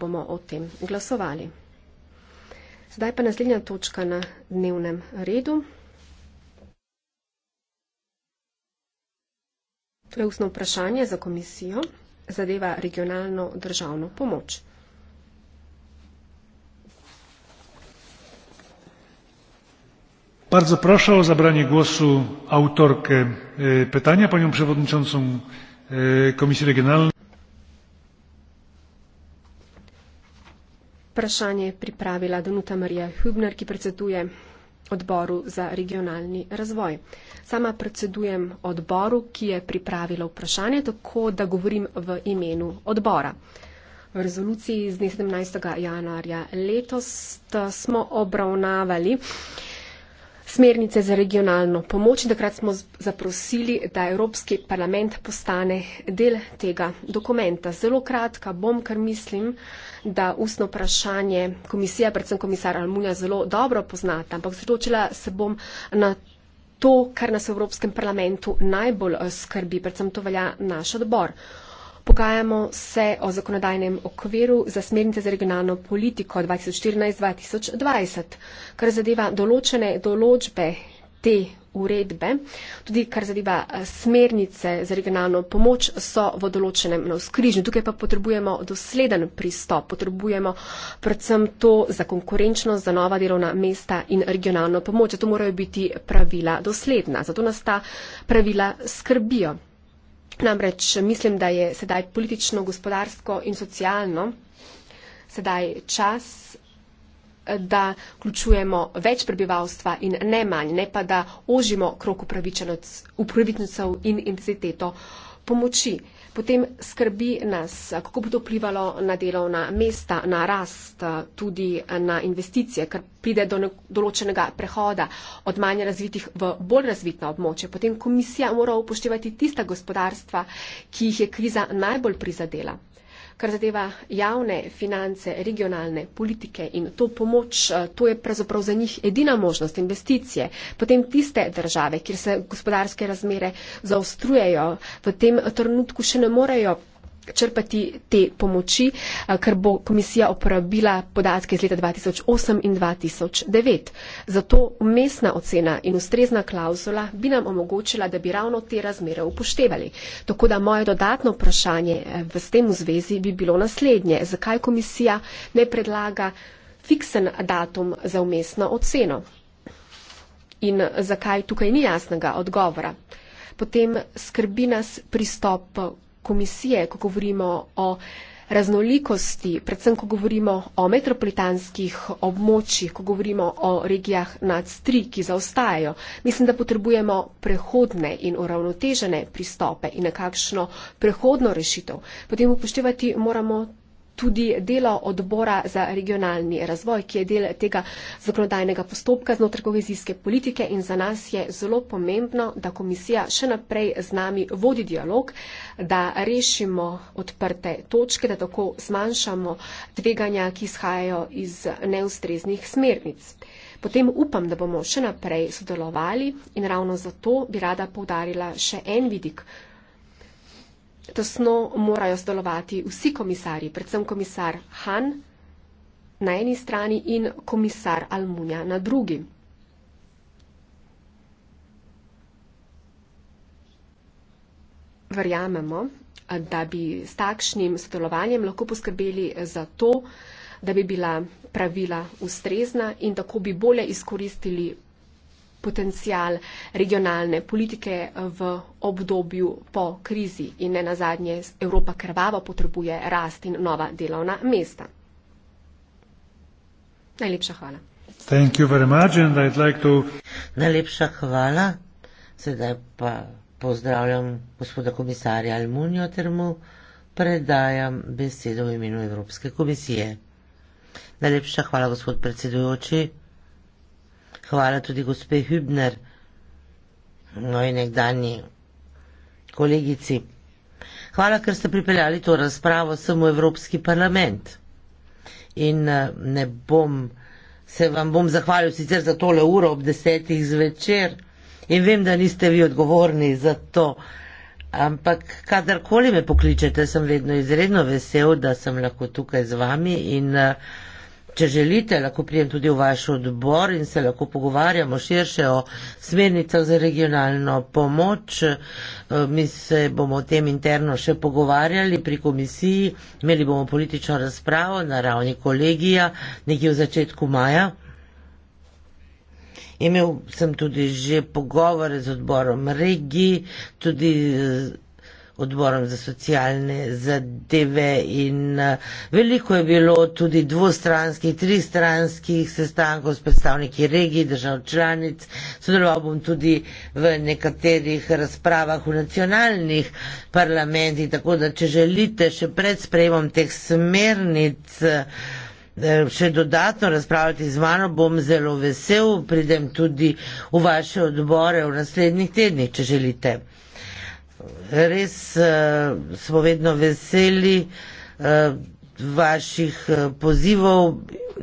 bomo o tem glasovali. Zdaj pa naslednja točka na dnevnem redu. To je ustno vprašanje za komisijo, zadeva regionalno državno pomoč. Bardzo proszę o zabranie głosu autorkę e, pytania, panią przewodniczącą e, Komisji Regionalnej. Vprašanje je pripravila Danuta Marija Hübner, ki predseduje odboru za regionalni razvoj. Sama predsedujem odboru, ki je pripravila vprašanje, tako da govorim v imenu odbora. V rezoluciji z dne 17. januarja letos smo obravnavali uh, smernice za regionalno pomoč. Takrat smo zaprosili, da Evropski parlament postane del tega dokumenta. Zelo kratka bom, ker mislim, da ustno vprašanje komisija, predvsem komisar Almunja, zelo dobro poznata, ampak zredočila se bom na. To, kar nas v Evropskem parlamentu najbolj eh, skrbi, predvsem to velja naš odbor. Pogajamo se o zakonodajnem okviru za smernice za regionalno politiko 2014-2020, kar zadeva določene določbe te uredbe, tudi kar zadeva eh, smernice za regionalno pomoč, so v določenem navskrižju. Tukaj pa potrebujemo dosleden pristop, potrebujemo predvsem to za konkurenčnost, za nova delovna mesta in regionalno pomoč. Zato morajo biti pravila dosledna, zato nas ta pravila skrbijo. Namreč mislim, da je sedaj politično, gospodarsko in socialno sedaj čas, da vključujemo več prebivalstva in ne manj, ne pa da ožimo krok upravičencev in intenziteto pomoči. Potem skrbi nas, kako bo to vplivalo na delovna mesta, na rast, tudi na investicije, ker pride do določenega prehoda od manj razvitih v bolj razvitna območja. Potem komisija mora upoštevati tista gospodarstva, ki jih je kriza najbolj prizadela kar zadeva javne finance, regionalne politike in to pomoč, eh, to je pravzaprav za njih edina možnost investicije. Potem tiste države, kjer se gospodarske razmere zaostrujejo, v tem trenutku še ne morejo črpati te pomoči, eh, ker bo komisija uporabila podatke iz leta 2008 in 2009. Zato umestna ocena in ustrezna klauzula bi nam omogočila, da bi ravno te razmere upoštevali. Tako da moje dodatno vprašanje eh, v tem zvezi bi bilo naslednje. Zakaj komisija ne predlaga fiksen datum za umestno oceno? In eh, zakaj tukaj ni jasnega odgovora? Potem skrbi nas pristop komisije, ko govorimo o raznolikosti, predvsem ko govorimo o metropolitanskih območjih, ko govorimo o regijah nad tri, ki zaostajajo. Mislim, da potrebujemo prehodne in uravnotežene pristope in nekakšno prehodno rešitev. Potem upoštevati moramo tudi delo odbora za regionalni razvoj, ki je del tega zakonodajnega postopka znotraj kohezijske politike in za nas je zelo pomembno, da komisija še naprej z nami vodi dialog, da rešimo odprte točke, da tako zmanjšamo tveganja, ki izhajajo iz neustreznih smernic. Potem upam, da bomo še naprej sodelovali in ravno zato bi rada povdarila še en vidik tesno morajo sodelovati vsi komisarji, predvsem komisar Han na eni strani in komisar Almunja na drugi. Verjamemo, da bi s takšnim sodelovanjem lahko poskrbeli za to, da bi bila pravila ustrezna in tako bi bolje izkoristili potencial regionalne politike eh, v obdobju po krizi in ne nazadnje Evropa krvavo potrebuje rast in nova delovna mesta. Najlepša hvala. Thank you very much and I'd like to... Najlepša hvala. Sedaj pa pozdravljam gospoda komisarja Almunijo ter mu predajam besedo v imenu Evropske komisije. Najlepša hvala, gospod predsedujoči. Hvala tudi gospe Hübner, moji no, nekdani kolegici. Hvala, ker ste pripeljali to razpravo sem v Evropski parlament. In eh, ne bom, se vam bom zahvalil sicer za tole uro ob desetih zvečer in vem, da niste vi odgovorni za to, ampak kadarkoli me pokličete, sem vedno izredno vesel, da sem lahko tukaj z vami in uh, Če želite, lahko prijem tudi v vaš odbor in se lahko pogovarjamo širše o smernicah za regionalno pomoč. E, mi se bomo o tem interno še pogovarjali pri komisiji, imeli bomo politično razpravo na ravni kolegija nekje v začetku maja. Imel sem tudi že pogovore z odborom regij, tudi odborom za socialne zadeve in eh, veliko je bilo tudi dvostranskih, tristranskih sestankov s predstavniki regij, držav članic. Sodeloval bom tudi v nekaterih razpravah v nacionalnih parlamentih, tako da če želite še pred sprejemom teh smernic eh, še dodatno razpravljati z mano, bom zelo vesel, pridem tudi v vaše odbore v naslednjih tednih, če želite. Res uh, smo vedno veseli uh, vaših eh, pozivov.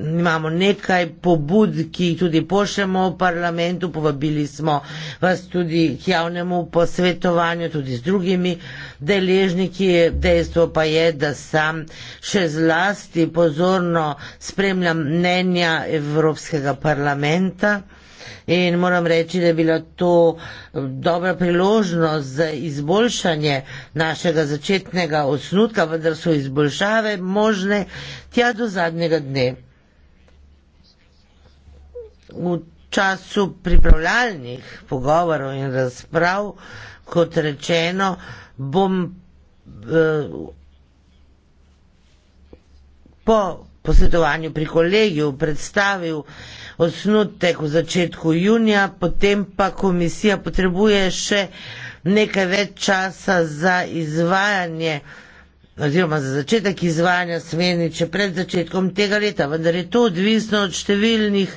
Imamo nekaj pobud, ki jih tudi pošljemo v parlamentu, povabili smo vas tudi k javnemu posvetovanju, tudi z drugimi deležniki. Dejstvo pa je, da sam še zlasti pozorno spremljam mnenja Evropskega parlamenta in moram reči, da je bila to eh, dobra priložnost za izboljšanje našega začetnega osnutka, vendar so izboljšave možne tja do zadnjega dne. V času pripravljalnih pogovorov in razprav, kot rečeno, bom eh, po posvetovanju pri kolegiju predstavil osnutek v začetku junija, potem pa komisija potrebuje še nekaj več časa za izvajanje oziroma za začetek izvajanja smernice pred začetkom tega leta, vendar je to odvisno od številnih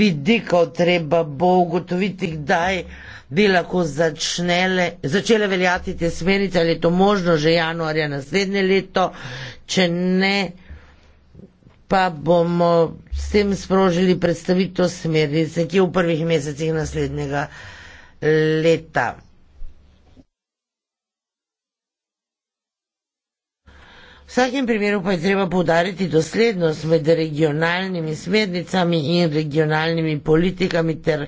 vidikov, treba bo ugotoviti, kdaj bi lahko začnele, začele veljati te smernice, ali je to možno že januarja naslednje leto, če ne pa bomo s tem sprožili predstavitev smernice, ki je v prvih mesecih naslednjega leta. V vsakem primeru pa je treba povdariti doslednost med regionalnimi smernicami in regionalnimi politikami ter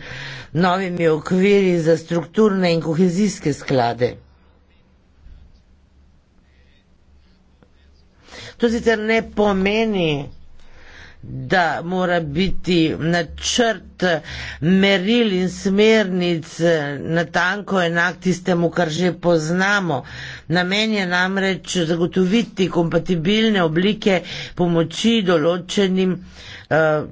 novimi okviri za strukturne in kohezijske sklade. To sicer ne pomeni, da mora biti načrt meril in smernic natanko enak tistemu, kar že poznamo. Namen je namreč zagotoviti kompatibilne oblike pomoči določenim uh,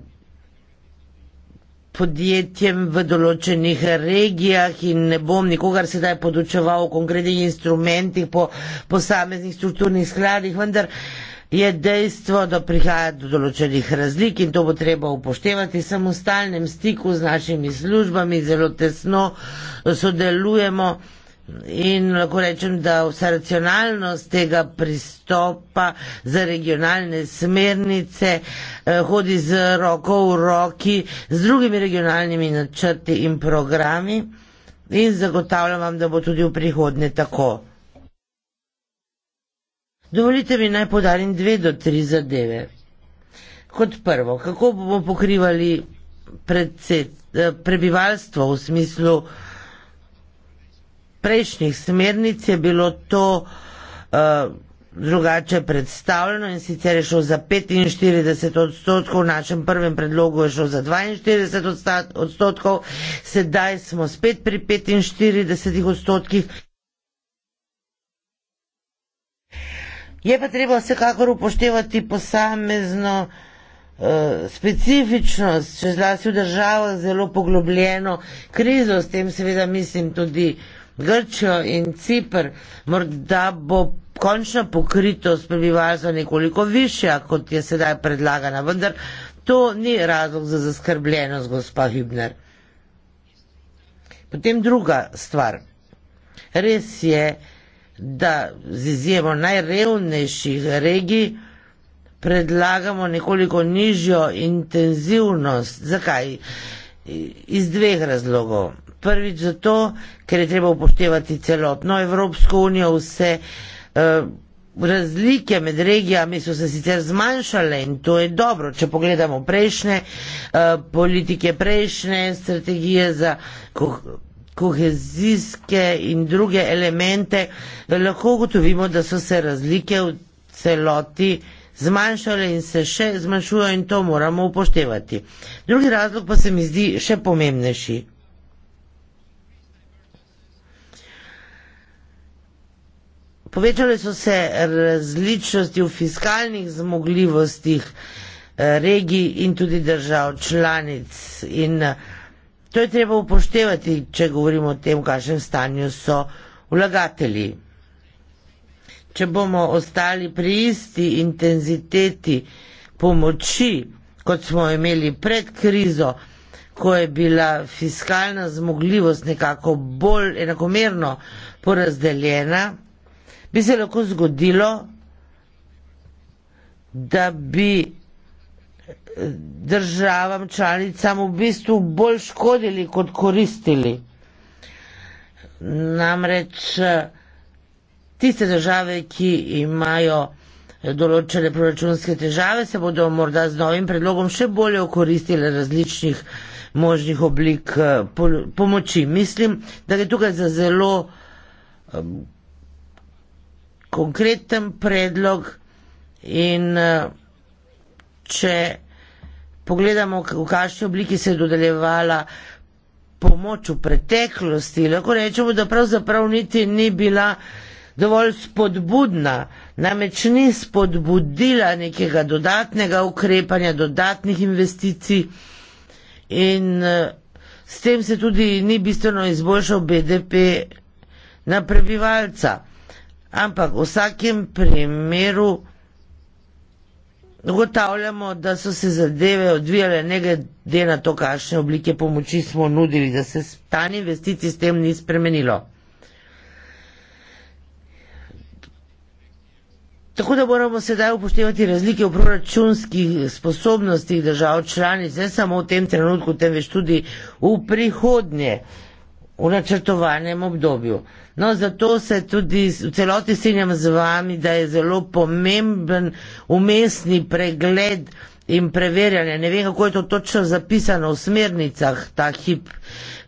podjetjem v določenih regijah in ne bom nikogar sedaj podučeval o konkretnih instrumentih po posameznih strukturnih skladih, vendar uh, je dejstvo, da prihaja do določenih razlik in to bo treba upoštevati. Sem v stalnem stiku z našimi službami, zelo tesno sodelujemo in lahko rečem, da vsa racionalnost tega pristopa za regionalne smernice eh, hodi z roko v roki z drugimi regionalnimi načrti in programi. In zagotavljam vam, da bo tudi v prihodnje tako. Dovolite mi naj podarim dve do tri zadeve. Kot prvo, kako bomo pokrivali predset, eh, prebivalstvo v smislu prejšnjih smernic je bilo to uh, drugače predstavljeno in sicer je šlo za 45 odstotkov, v našem prvem predlogu je šlo za 42 odstotkov, sedaj smo spet pri 45 odstotkih. Je pa treba vsekakor upoštevati posamezno uh, specifičnost, če zlasti v državo zelo poglobljeno krizo, s tem seveda mislim tudi Grčijo in Cipr, morda bo končna pokritost prebivalstva nekoliko višja, kot je sedaj predlagana, vendar to ni razlog za zaskrbljenost, gospa Hübner. Potem druga stvar. Res je, da z izjemo najrevnejših regij predlagamo nekoliko nižjo intenzivnost. Zakaj? Iz dveh razlogov. Prvič zato, ker je treba upoštevati celotno Evropsko unijo, vse eh, razlike med regijami so se sicer zmanjšale in to je dobro, če pogledamo prejšnje eh, politike, prejšnje strategije za kohezijske in druge elemente, lahko ugotovimo, da so se razlike v celoti zmanjšale in se še zmanjšujejo in to moramo upoštevati. Drugi razlog pa se mi zdi še pomembnejši. Povečale so se različnosti v fiskalnih zmogljivostih eh, regij in tudi držav članic in uh, To je treba upoštevati, če govorimo o tem, v kakšnem stanju so vlagatelji. Če bomo ostali pri isti intenziteti pomoči, kot smo imeli pred krizo, ko je bila fiskalna zmogljivost nekako bolj enakomerno porazdeljena, bi se lahko zgodilo, da bi državam članicam v bistvu bolj škodili, kot koristili. Namreč tiste države, ki imajo določene proračunske težave, se bodo morda z novim predlogom še bolje okoristile različnih možnih oblik eh, pomoči. Mislim, da je tukaj za zelo eh, konkreten predlog in eh, če pogledamo, v kakšni obliki se je dodeljevala pomoč v preteklosti, lahko rečemo, da pravzaprav niti ni bila dovolj spodbudna, namreč ni spodbudila nekega dodatnega ukrepanja, dodatnih investicij in eh, s tem se tudi ni bistveno izboljšal BDP na prebivalca. Ampak v vsakem primeru ugotavljamo, da so se zadeve odvijale ne glede na to, kakšne oblike pomoči smo nudili, da se stanje investicij s tem ni spremenilo. Tako da moramo sedaj upoštevati razlike v proračunskih sposobnostih držav članic, ne samo v tem trenutku, temveč tudi v prihodnje v načrtovanem obdobju. No, zato se tudi v celoti strinjam z vami, da je zelo pomemben umestni pregled in preverjanje. Ne vem, kako je to točno zapisano v smernicah ta hip,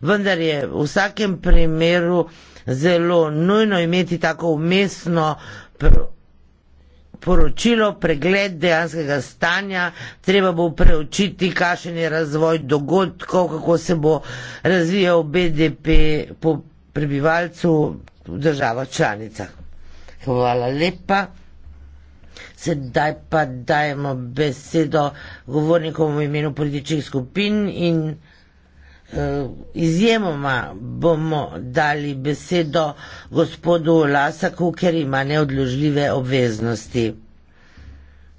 vendar je v vsakem primeru zelo nujno imeti tako umestno pr poročilo, pregled dejanskega stanja, treba bo preučiti, kakšen je razvoj dogodkov, kako se bo razvijal BDP po prebivalcu v državah članicah. Hvala lepa. Sedaj pa dajemo besedo govornikom v imenu političnih skupin in Eh, izjemoma bomo dali besedo gospodu Lasaku, ker ima neodložljive obveznosti.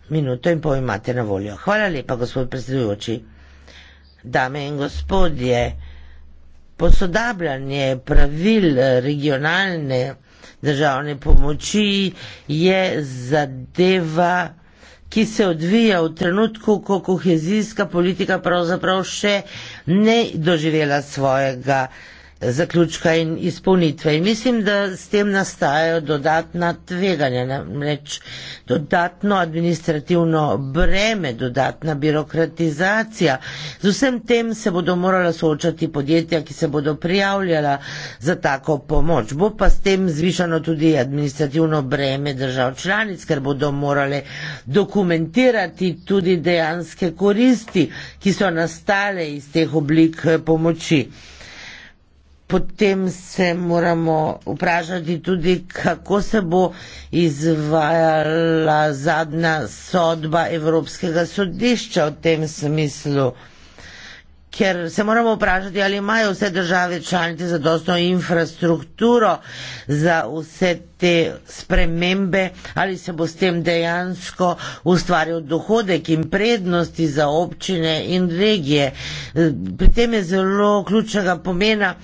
Minuto in pol imate na voljo. Hvala lepa, gospod predsedujoči. Dame in gospodje, posodabljanje pravil regionalne državne pomoči je zadeva ki se odvija v trenutku, ko kohezijska politika pravzaprav še ne doživela svojega zaključka in izpolnitve. In mislim, da s tem nastajajo dodatna tveganja, namreč dodatno administrativno breme, dodatna birokratizacija. Z vsem tem se bodo morala soočati podjetja, ki se bodo prijavljala za tako pomoč. Bo pa s tem zvišano tudi administrativno breme držav članic, ker bodo morale dokumentirati tudi dejanske koristi, ki so nastale iz teh oblik eh, pomoči. Potem se moramo vprašati tudi, kako se bo izvajala zadnja sodba Evropskega sodišča v tem smislu ker se moramo vprašati, ali imajo vse države članice zadostno infrastrukturo za vse te spremembe, ali se bo s tem dejansko ustvaril dohodek in prednosti za občine in regije. Pri tem je zelo ključnega pomena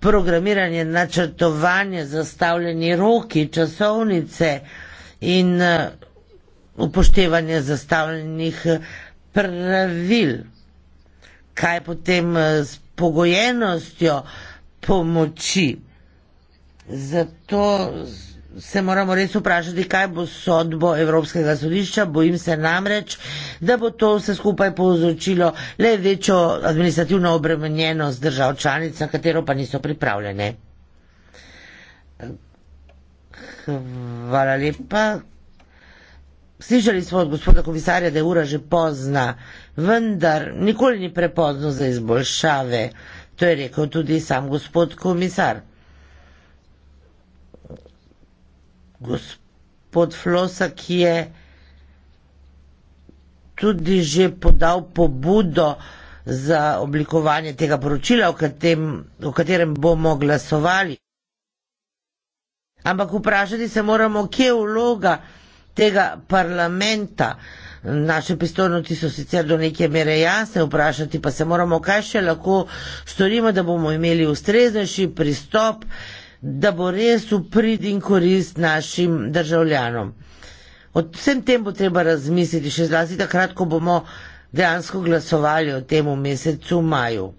programiranje, načrtovanje, zastavljeni roki, časovnice in eh, upoštevanje zastavljenih pravil kaj potem eh, s pogojenostjo pomoči. Zato se moramo res vprašati, kaj bo sodbo Evropskega sodišča. Bojim se namreč, da bo to vse skupaj povzročilo le večjo administrativno obremenjenost držav članic, na katero pa niso pripravljene. Hvala lepa, Slišali smo od gospoda komisarja, da je ura že pozna, vendar nikoli ni prepozno za izboljšave. To je rekel tudi sam gospod komisar. Gospod Flosak je tudi že podal pobudo za oblikovanje tega poročila, o, katem, o katerem bomo glasovali. Ampak vprašati se moramo, kje je vloga tega parlamenta. Naše pristojnosti so sicer do neke mere jasne, vprašati pa se moramo, kaj še lahko storimo, da bomo imeli ustreznejši pristop, da bo res v prid in korist našim državljanom. O vsem tem bo treba razmisliti, še zlasti takrat, ko bomo dejansko glasovali o tem v mesecu maju.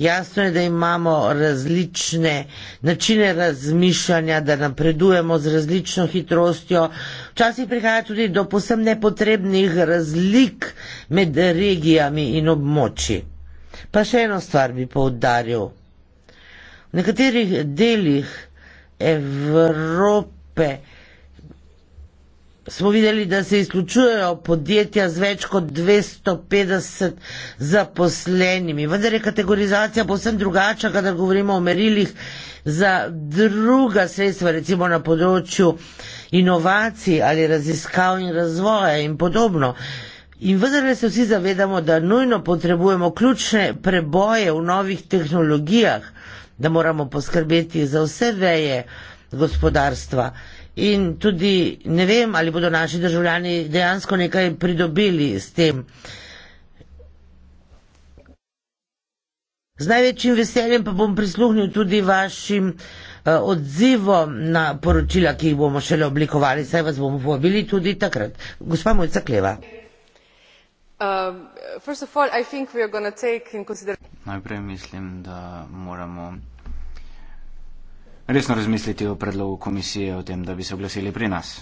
Jasno je, da imamo različne načine razmišljanja, da napredujemo z različno hitrostjo. Včasih prihaja tudi do posebno nepotrebnih razlik med regijami in območji. Pa še eno stvar bi poudaril. V nekaterih delih Evrope smo videli, da se izključujejo podjetja z več kot 250 zaposlenimi. Vendar je kategorizacija povsem drugača, kadar govorimo o merilih za druga sredstva, recimo na področju inovacij ali raziskav in razvoja in podobno. In vendar se vsi zavedamo, da nujno potrebujemo ključne preboje v novih tehnologijah, da moramo poskrbeti za vse veje gospodarstva in tudi ne vem, ali bodo naši državljani dejansko nekaj pridobili s tem. Z največjim veseljem pa bom prisluhnil tudi vašim eh, odzivom na poročila, ki jih bomo šele oblikovali, saj vas bomo povabili tudi takrat. Gospa Mojca Kleva. Uh, all, Najprej mislim, da moramo resno razmisliti o predlogu komisije o tem, da bi se oglasili pri nas.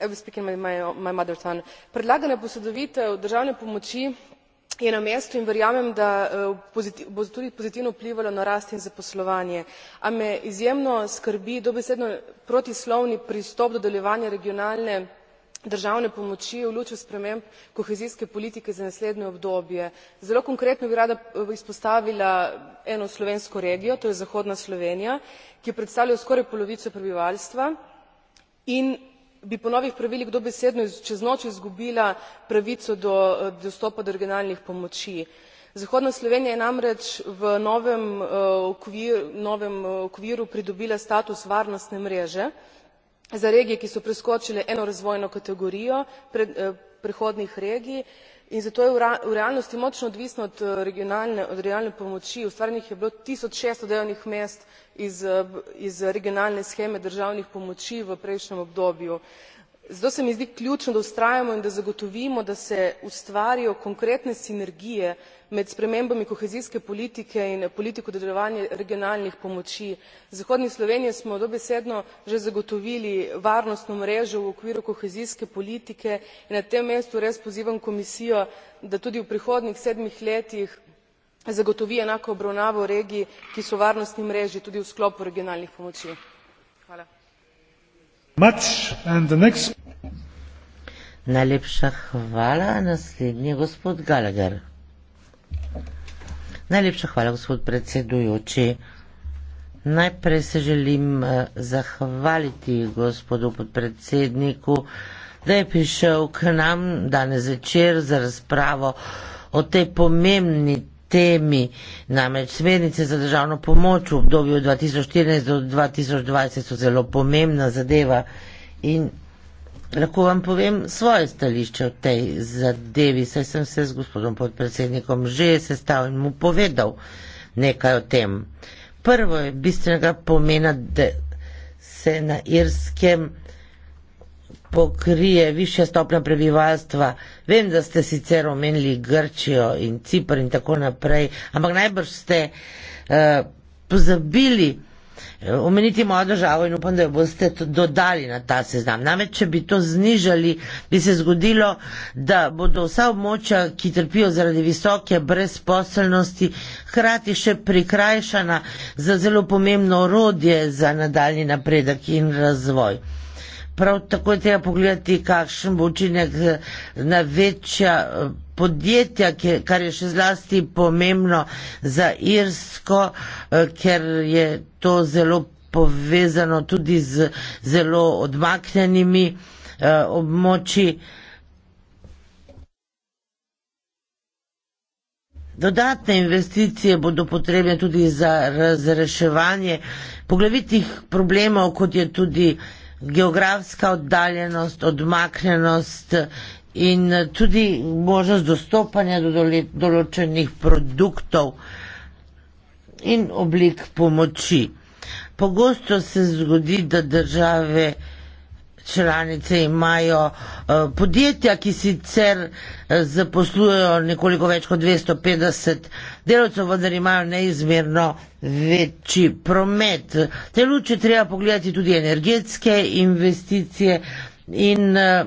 My, my Predlagana posodovitev državne pomoči je na mestu in verjamem, da eh, bo tudi pozitivno vplivalo na rast in zaposlovanje. A me izjemno skrbi dobesedno protislovni pristop do delovanja regionalne državne pomoči v luči sprememb kohezijske politike za naslednje obdobje. zelo konkretno bi rada eh, izpostavila eno slovensko regijo to je zahodna slovenija ki predstavlja skoraj polovico prebivalstva in bi po novih pravilih dobesedno čez noč izgubila pravico do eh, dostopa do regionalnih pomoči. zahodna slovenija je namreč v novem eh, okviru pridobila status varnostne mreže za regije ki so preskočile eno razvojno kategorijo eh, prehodnih regij in zato je v realnosti močno odvisno od eh, regionalne od realne pomoči ustvarjenih je bilo tisoč šeststo delovnih mest iz eh, regionalne sheme državnih pomoči v prejšnjem obdobju zato se mi zdi ključno da vztrajamo in da zagotovimo da se ustvarijo konkretne sinergije med spremembami kohezijske politike in politiko dodeljevanja regionalnih pomoči. v zahodni sloveniji smo dobesedno že zagotovili varnostno mrežo v okviru kohezijske politike in na tem mestu res pozivam komisijo da tudi v prihodnjih sedmih letih zagotovi enako obravnavo regij ki so v varnostni mreži tudi v sklopu regionalnih pomoči much and the next Najlepša hvala, naslednji je gospod Gallagher. Najlepša hvala, gospod predsedujoči. Najprej se želim eh, zahvaliti gospodu podpredsedniku, da je prišel k nam danes večer za razpravo o tej pomembni temi, namreč smernice za državno pomoč v obdobju 2014 do 2020 so zelo pomembna zadeva in lahko vam povem svoje stališče o tej zadevi, saj sem se z gospodom podpredsednikom že sestavil in mu povedal nekaj o tem. Prvo je bistvenega pomena, da se na irskem pokrije više stopnje prebivalstva. Vem, da ste sicer omenili Grčijo in Cipr in tako naprej, ampak najbrž ste uh, pozabili eh, omeniti mojo državo in upam, da jo boste dodali na ta seznam. Namreč, če bi to znižali, bi se zgodilo, da bodo vsa območja, ki trpijo zaradi visoke brezposelnosti, hkrati še prikrajšana za zelo pomembno orodje za nadaljni napredek in razvoj. Prav tako je treba pogledati, kakšen bo učinek eh, na večja eh, podjetja, kar je še zlasti pomembno za Irsko, eh, ker je to zelo povezano tudi z zelo odmaknjenimi območji. Dodatne investicije bodo potrebne tudi za razreševanje poglavitih problemov, kot je tudi geografska oddaljenost, odmaknjenost in tudi možnost dostopanja do določenih produktov in oblik pomoči. Pogosto se zgodi, da države članice imajo eh, podjetja, ki sicer eh, zaposlujejo nekoliko več kot 250 delovcev, vendar imajo neizmerno večji promet. Te luči treba pogledati tudi energetske investicije in eh,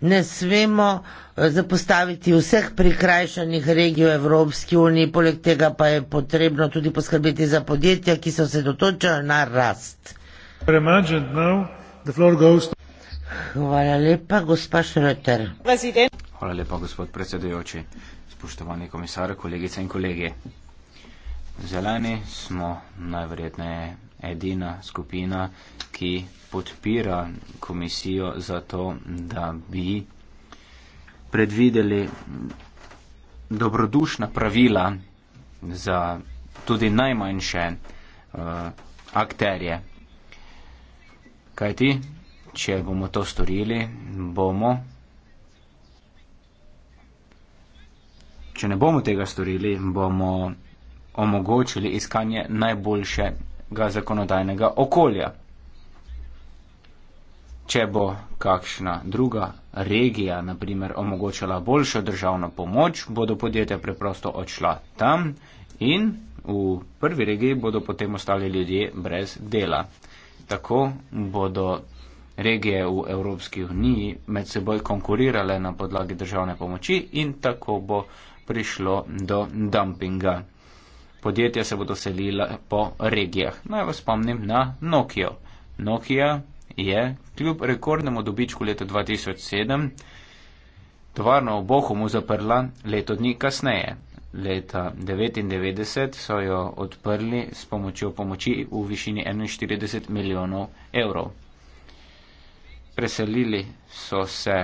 ne smemo zapostaviti vseh prikrajšanih regij v Evropski uniji, poleg tega pa je potrebno tudi poskrbeti za podjetja, ki so se dotočala na rast. Premagati zdaj. Hvala lepa, gospa Šreter. Hvala lepa, gospod predsedujoči, spoštovani komisar, kolegice in kolegi. Zeleni smo najverjetneje edina skupina, ki podpira komisijo za to, da bi predvideli dobrodušna pravila za tudi najmanjše uh, akterje Kajti, če bomo to storili, bomo. Če ne bomo tega storili, bomo omogočili iskanje najboljšega zakonodajnega okolja. Če bo kakšna druga regija, naprimer, omogočala boljšo državno pomoč, bodo podjetja preprosto odšla tam in v prvi regiji bodo potem ostali ljudje brez dela. Tako bodo regije v Evropski uniji med seboj konkurirale na podlagi državne pomoči in tako bo prišlo do dumpinga. Podjetja se bodo selila po regijah. Naj vas spomnim na Nokio. Nokia je kljub rekordnemu dobičku leta 2007 tovarno v Bohumu zaprla leto dni kasneje leta 1999 so jo odprli s pomočjo pomoči v višini 41 milijonov evrov. Preselili so se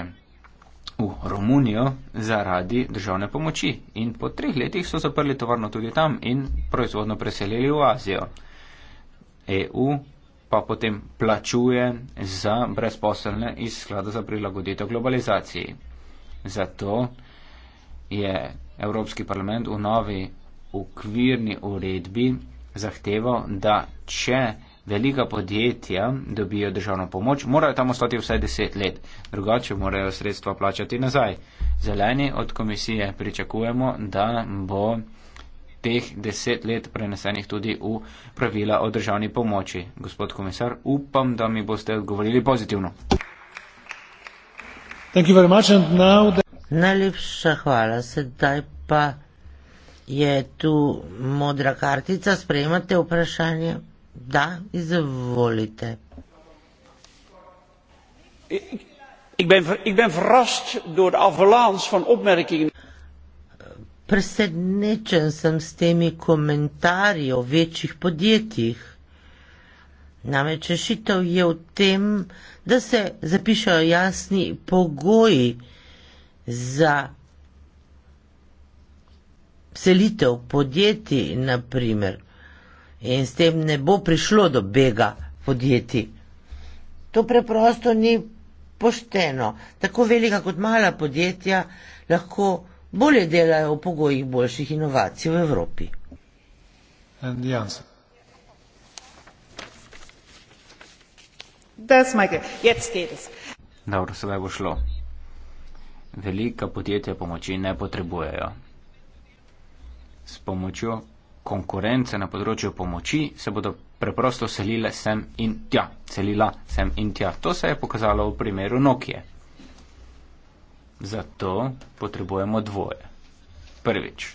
v Romunijo zaradi državne pomoči in po treh letih so zaprli tovarno tudi tam in proizvodno preselili v Azijo. EU pa potem plačuje za brezposelne iz sklada za prilagoditev globalizaciji. Zato je Evropski parlament v novi ukvirni uredbi zahteval, da če velika podjetja dobijo državno pomoč, morajo tam ostati vsaj deset let, drugače morajo sredstva plačati nazaj. Zeleni od komisije pričakujemo, da bo teh deset let prenesenih tudi v pravila o državni pomoči. Gospod komisar, upam, da mi boste odgovorili pozitivno. Hvala. Now, Najlepša hvala. Sedaj pa je tu modra kartica. Sprejemate vprašanje? Da, izvolite. Ik ben, ik ben verrast door de avalans van opmerkingen. Presednečen sem s temi komentarji o večjih podjetjih. Namreč rešitev je v tem, da se zapišajo jasni pogoji, za selitev podjetij, naprimer, in s tem ne bo prišlo do bega podjetij. To preprosto ni pošteno. Tako velika kot mala podjetja lahko bolje delajo v pogojih boljših inovacij v Evropi. Dobro, sedaj bo šlo velika podjetja pomoči ne potrebujejo. S pomočjo konkurence na področju pomoči se bodo preprosto selile sem in tja, selila sem in tja. To se je pokazalo v primeru Nokije. Zato potrebujemo dvoje. Prvič.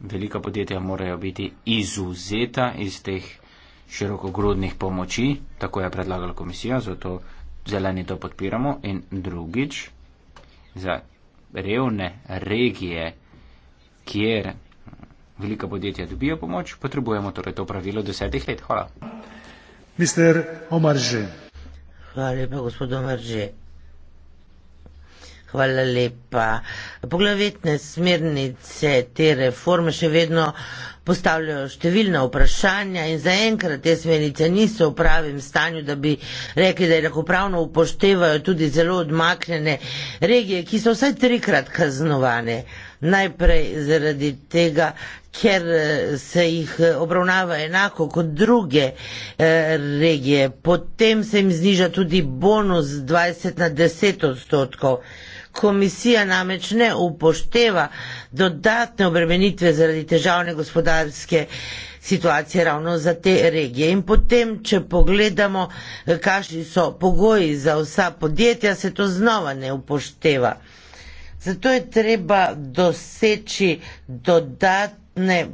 Velika podjetja morajo biti izuzeta iz teh širokogrudnih pomoči, tako je predlagala komisija, zato zeleni to podpiramo in drugič za revne regije, kjer velika podjetja dobijo pomoč, potrebujemo torej to pravilo desetih let. Hvala. Mister Omarže. Hvala lepa, gospod Omarže. Hvala lepa. Poglavitne smernice te reforme še vedno postavljajo številna vprašanja in zaenkrat te smernice niso v pravem stanju, da bi rekli, da je enakopravno upoštevajo tudi zelo odmaknjene regije, ki so vsaj trikrat kaznovane. Najprej zaradi tega, ker eh, se jih eh, obravnava enako kot druge eh, regije. Potem se jim zniža tudi bonus 20 na 10 odstotkov. Komisija namreč ne upošteva dodatne obremenitve zaradi težavne gospodarske situacije ravno za te regije. In potem, če pogledamo, kakšni so pogoji za vsa podjetja, se to znova ne upošteva. Zato je treba doseči dodatne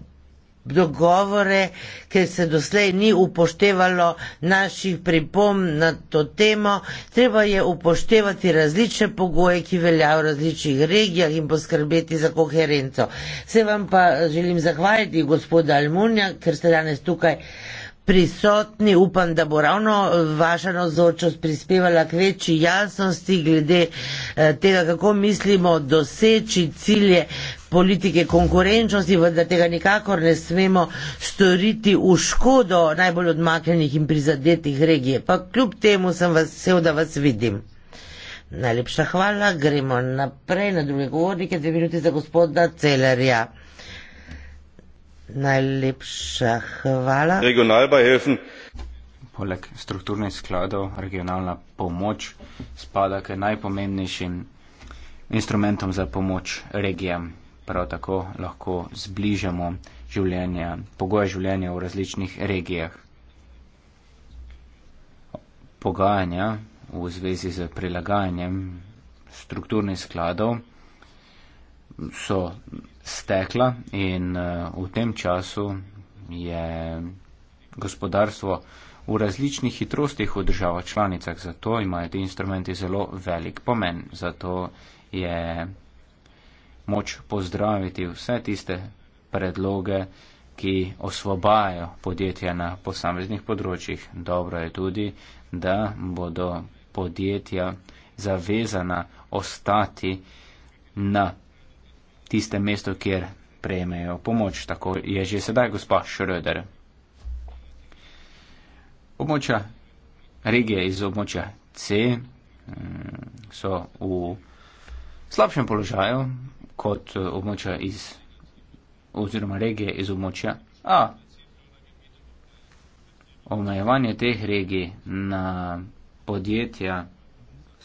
dogovore, ker se doslej ni upoštevalo naših pripom na to temo. Treba je upoštevati različne pogoje, ki velja v različnih regijah in poskrbeti za koherenco. Se vam pa želim zahvaliti, gospod Almunja, ker ste danes tukaj prisotni. Upam, da bo ravno eh, vaša nozočnost prispevala k večji jasnosti glede eh, tega, kako mislimo doseči cilje politike konkurenčnosti, vendar tega nikakor ne smemo storiti v škodo najbolj odmaknjenih in prizadetih regije. Pa kljub temu sem vesel, da vas vidim. Najlepša hvala, gremo naprej na druge govornike, dve minuti za gospoda Celerja. Najlepša hvala. Regionalbehelfen. Poleg strukturnih skladov, regionalna pomoč spada k najpomembnejšim instrumentom za pomoč regijam. Prav tako lahko zbližamo življenja, pogoje življenja v različnih regijah. Pogajanja v zvezi z prilagajanjem strukturnih skladov so stekla in eh, v tem času je gospodarstvo v različnih hitrostih v državah članicah, zato imajo ti instrumenti zelo velik pomen. Zato je moč pozdraviti vse tiste predloge, ki osvobajajo podjetja na posameznih področjih. Dobro je tudi, da bodo podjetja zavezana ostati na tistem mestu, kjer prejmejo pomoč. Tako je že sedaj gospa Šröder. Območja regije iz območja C mm, so v slabšem položaju kot območja iz oziroma regije iz območja A. Omejevanje teh regij na podjetja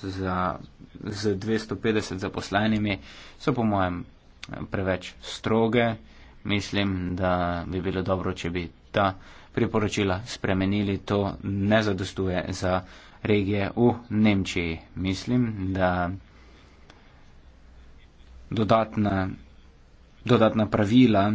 za, z 250 zaposlenimi so po mojem preveč stroge. Mislim, da bi bilo dobro, če bi ta priporočila spremenili. To ne zadostuje za regije v Nemčiji. Mislim, da dodatna, dodatna pravila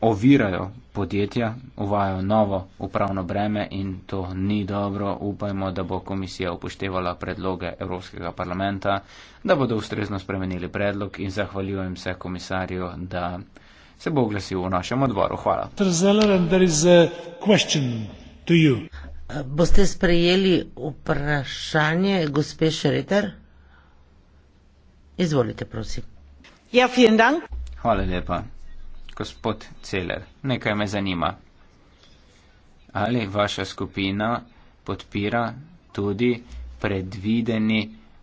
ovirajo podjetja uvajajo novo upravno breme in to ni dobro. Upajmo, da bo komisija upoštevala predloge Evropskega parlamenta, da bodo ustrezno spremenili predlog in zahvaljujem se komisarju, da se bo oglasil v našem odboru. Hvala. Boste sprejeli vprašanje, gospe Šreter? Izvolite, prosim. Ja, Hvala lepa gospod Celer, nekaj me zanima. Ali vaša skupina podpira tudi predvideni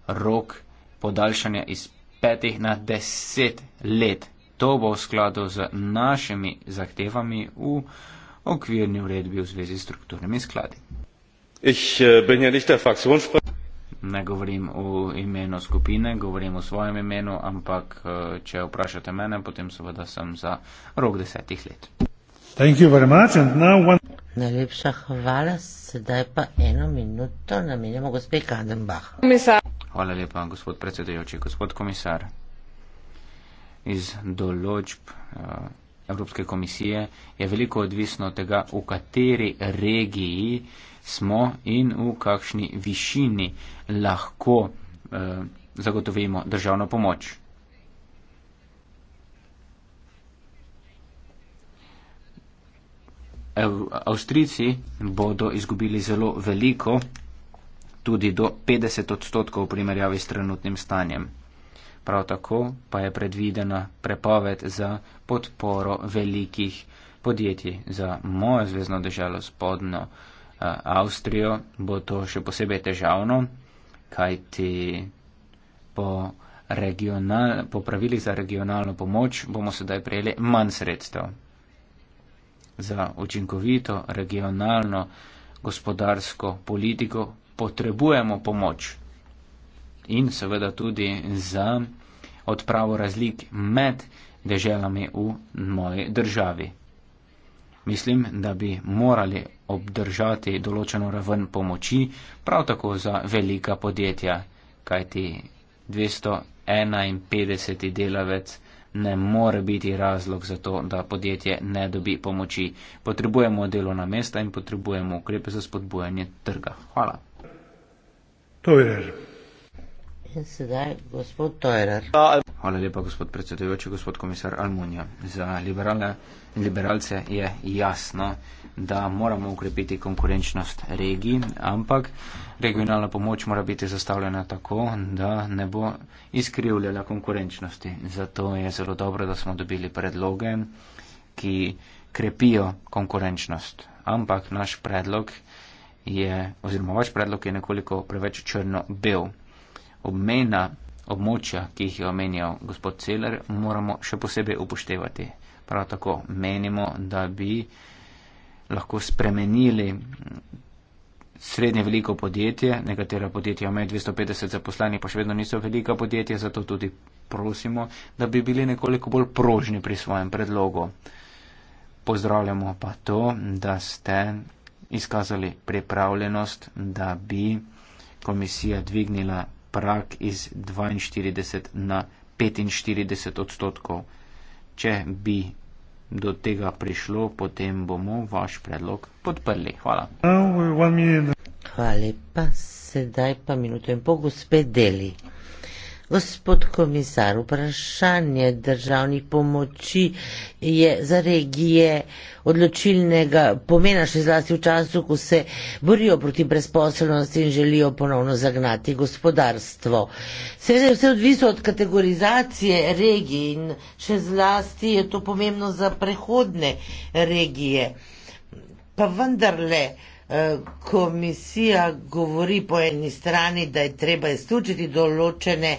rok podaljšanja iz petih na deset let? To bo v skladu z našimi zahtevami v okvirni uredbi v zvezi s strukturnimi skladi. Ich eh, bin ja nicht der Fraktionssprecher ne govorim v imenu skupine, govorim v svojem imenu, ampak eh, če vprašate mene, potem seveda sem za rok desetih let. Najlepša hvala, sedaj pa eno minuto namenjamo gospe Kandenbach. Hvala lepa, gospod predsedujoči, gospod komisar. Iz določb eh, Evropske komisije je veliko odvisno od tega, v kateri regiji smo in v kakšni višini lahko eh, zagotovimo državno pomoč. Avstrici bodo izgubili zelo veliko, tudi do 50 odstotkov v primerjavi s trenutnim stanjem. Prav tako pa je predvidena prepoved za podporo velikih podjetij za mojo zvezdno državo spodno eh, Avstrijo, bo to še posebej težavno, kajti po, regional, po pravili za regionalno pomoč bomo sedaj prejeli manj sredstev. Za učinkovito regionalno gospodarsko politiko potrebujemo pomoč in seveda tudi za odpravo razlik med deželami v moji državi. Mislim, da bi morali obdržati določeno raven pomoči, prav tako za velika podjetja, kajti 251 delavec ne more biti razlog za to, da podjetje ne dobi pomoči. Potrebujemo delovna mesta in potrebujemo ukrepe za spodbujanje trga. Hvala. To je. In sedaj gospod Tojrer. Hvala lepa, gospod predsedujoči, gospod komisar Almunija. Za liberale, liberalce je jasno, da moramo ukrepiti konkurenčnost regij, ampak regionalna pomoč mora biti zastavljena tako, da ne bo izkrivljala konkurenčnosti. Zato je zelo dobro, da smo dobili predloge, ki krepijo konkurenčnost. Ampak naš predlog je, oziroma vaš predlog je nekoliko preveč črno-bel obmejna območja, ki jih je omenjal gospod Celer, moramo še posebej upoštevati. Prav tako menimo, da bi lahko spremenili srednje veliko podjetje, nekatera podjetja imajo 250 zaposlenih, pa še vedno niso velika podjetja, zato tudi prosimo, da bi bili nekoliko bolj prožni pri svojem predlogu. Pozdravljamo pa to, da ste izkazali pripravljenost, da bi komisija dvignila prak iz 42 na 45 odstotkov. Če bi do tega prišlo, potem bomo vaš predlog podprli. Hvala. Hvala lepa, sedaj pa minuto in pol gospe deli. Gospod komisar, vprašanje državnih pomoči je za regije odločilnega pomena, še zlasti v času, ko se borijo proti brezposelnosti in želijo ponovno zagnati gospodarstvo. Seveda je vse odvisno od kategorizacije regij in še zlasti je to pomembno za prehodne regije. Pa vendarle, Eh, komisija govori po eni strani, da je treba izključiti določene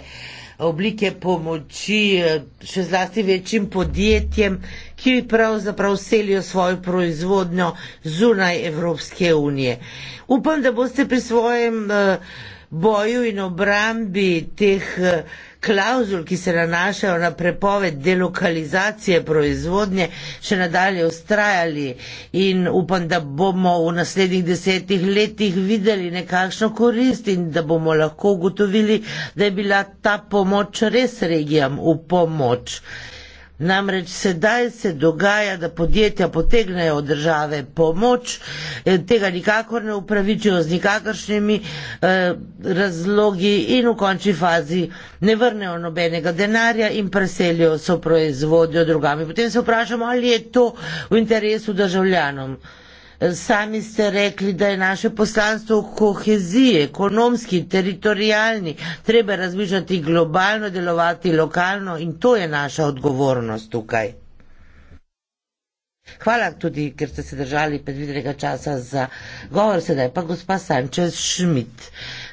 oblike pomoči eh, še zlasti večjim podjetjem, ki pravzaprav selijo svojo proizvodnjo zunaj Evropske unije. Upam, da boste pri svojem eh, boju in obrambi teh klauzul, ki se nanašajo na prepoved delokalizacije proizvodnje, še nadalje ustrajali in upam, da bomo v naslednjih desetih letih videli nekakšno korist in da bomo lahko ugotovili, da je bila ta pomoč res regijam v pomoč. Namreč sedaj se dogaja, da podjetja potegnejo od države pomoč, eh, tega nikakor ne upravičijo z nikakršnimi eh, razlogi in v končni fazi ne vrnejo nobenega denarja in preselijo so proizvodjo drugami. Potem se vprašamo, ali je to v interesu državljanom. Sami ste rekli, da je naše poslanstvo v koheziji, ekonomski, teritorijalni, treba razmišljati globalno, delovati lokalno in to je naša odgovornost tukaj. Hvala tudi, ker ste se držali predvidenega časa za govor. Sedaj pa gospa Sančez Šmit.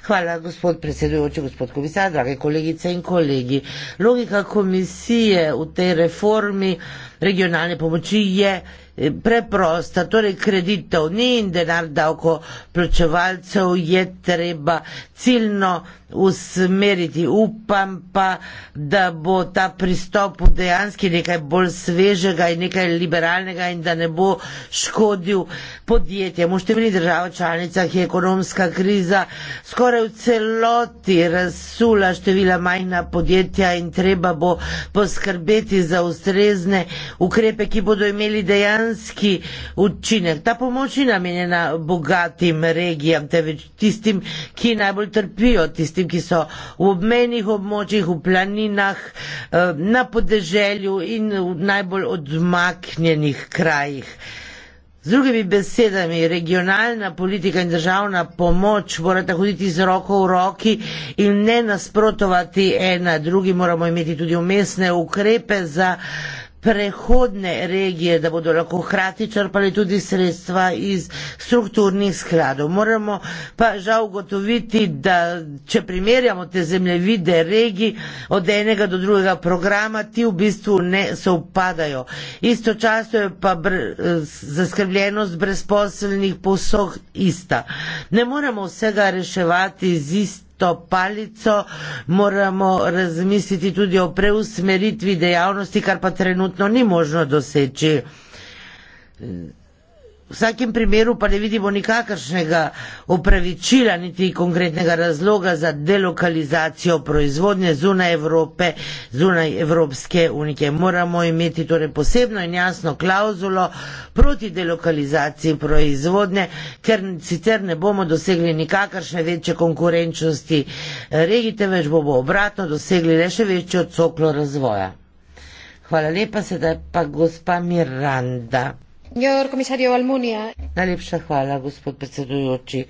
Hvala, gospod predsedujoči, gospod komisar, drage kolegice in kolegi. Logika komisije v tej reformi regionalne pomoči je Eh, preprosta, torej kreditov ni in denar davko plačevalcev je treba ciljno usmeriti. Upam pa, da bo ta pristop dejansko nekaj bolj svežega in nekaj liberalnega in da ne bo škodil podjetjem. V številnih državah članicah je ekonomska kriza skoraj v celoti razsula števila majhna podjetja in treba bo poskrbeti za ustrezne ukrepe, ki bodo imeli dejanski učinek. Ta pomoč je namenjena bogatim regijam, teveč tistim, ki najbolj trpijo, tistim, ki so v obmejnih območjih, v planinah, eh, na podeželju in v najbolj odmaknjenih krajih. Z drugimi besedami, regionalna politika in državna pomoč morata hoditi z roko v roki in ne nasprotovati ena drugi, moramo imeti tudi umestne ukrepe za prehodne regije, da bodo lahko hkrati črpali tudi sredstva iz strukturnih skladov. Moramo pa žal ugotoviti, da če primerjamo te zemljevide regij od enega do drugega programa, ti v bistvu ne sovpadajo. Istočasno je pa br zaskrbljenost brezposelnih posoh ista. Ne moremo vsega reševati z istim to palico, moramo razmisliti tudi o preusmeritvi dejavnosti, kar pa trenutno ni možno doseči vsakem primeru pa ne vidimo nikakršnega upravičila niti konkretnega razloga za delokalizacijo proizvodnje zunaj Evrope, zunaj Evropske unike. Moramo imeti torej posebno in jasno klauzulo proti delokalizaciji proizvodnje, ker sicer ne bomo dosegli nikakršne večje konkurenčnosti eh, regije, temveč bomo obratno dosegli le še večjo coklo razvoja. Hvala lepa, sedaj pa gospa Miranda. Señor comisario Almunia. Najlepša hvala, gospod predsedujoči.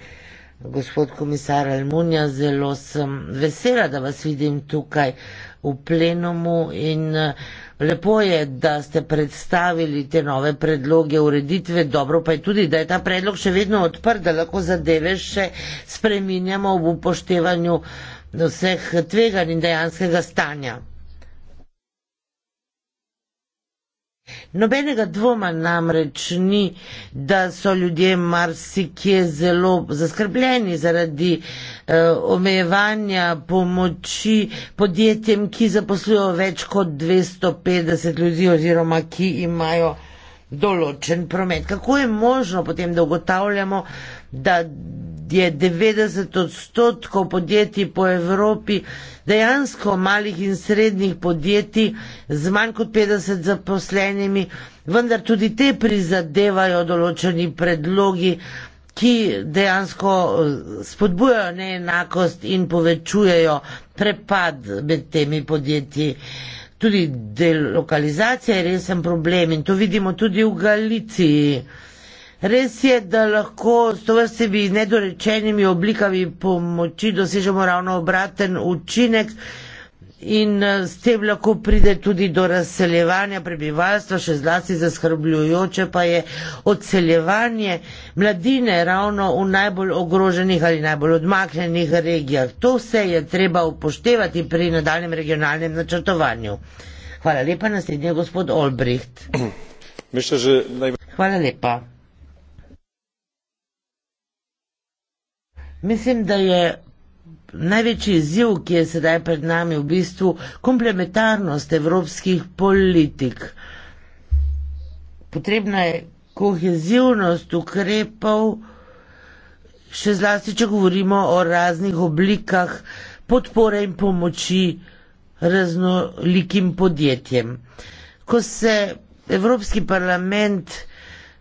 Gospod komisar Almunja, zelo sem vesela, da vas vidim tukaj v plenumu in eh, lepo je, da ste predstavili te nove predloge ureditve. Dobro pa je tudi, da je ta predlog še vedno odprt, da lahko zadeve še spreminjamo v upoštevanju vseh tveganj in dejanskega stanja. Nobenega dvoma namreč ni, da so ljudje marsikje zelo zaskrbljeni zaradi eh, omejevanja pomoči podjetjem, ki zaposlujejo več kot 250 ljudi oziroma ki imajo določen promet. Kako je možno potem, da ugotavljamo, da je 90 odstotkov podjetij po Evropi, dejansko malih in srednjih podjetij z manj kot 50 zaposlenimi, vendar tudi te prizadevajo določeni predlogi, ki dejansko eh, spodbujajo neenakost in povečujejo prepad med temi podjetji. Tudi delokalizacija je resen problem in to vidimo tudi v Galiciji. Res je, da lahko s to vrstnimi nedorečenimi oblikami pomoči dosežemo ravno obraten učinek in eh, s tem lahko pride tudi do razseljevanja prebivalstva, še zlasti zaskrbljujoče pa je odseljevanje mladine ravno v najbolj ogroženih ali najbolj odmaknjenih regijah. To vse je treba upoštevati pri nadaljem regionalnem načrtovanju. Hvala lepa, naslednji je gospod Olbricht. Hvala lepa. Mislim, da je največji izziv, ki je sedaj pred nami, v bistvu komplementarnost evropskih politik. Potrebna je kohezivnost ukrepov, še zlasti, če govorimo o raznih oblikah podpore in pomoči raznolikim podjetjem. Ko se Evropski parlament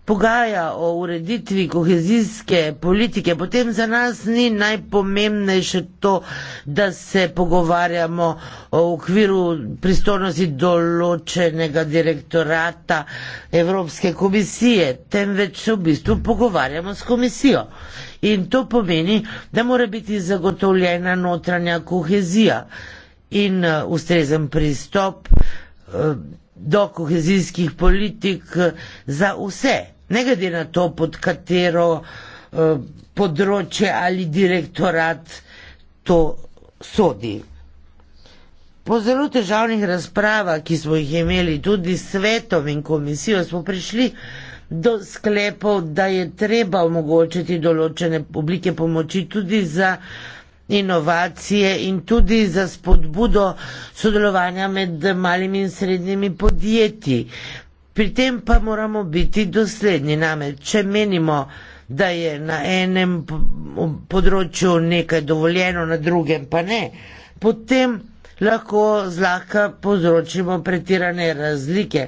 pogaja o ureditvi kohezijske politike, potem za nas ni najpomembnejše to, da se pogovarjamo o okviru pristojnosti določenega direktorata Evropske komisije, temveč se v bistvu pogovarjamo s komisijo. In to pomeni, da mora biti zagotovljena notranja kohezija in uh, ustrezen pristop uh, do kohezijskih politik eh, za vse, ne glede na to, pod katero eh, področje ali direktorat to sodi. Po zelo težavnih razpravah, ki smo jih imeli tudi s svetom in komisijo, smo prišli do sklepov, da je treba omogočiti določene oblike pomoči tudi za uh, inovacije in tudi za spodbudo sodelovanja med malimi in srednjimi podjetji. Pri tem pa moramo biti dosledni. Namreč, če menimo, da je na enem področju nekaj dovoljeno, na drugem pa ne, potem lahko zlahka povzročimo pretirane razlike.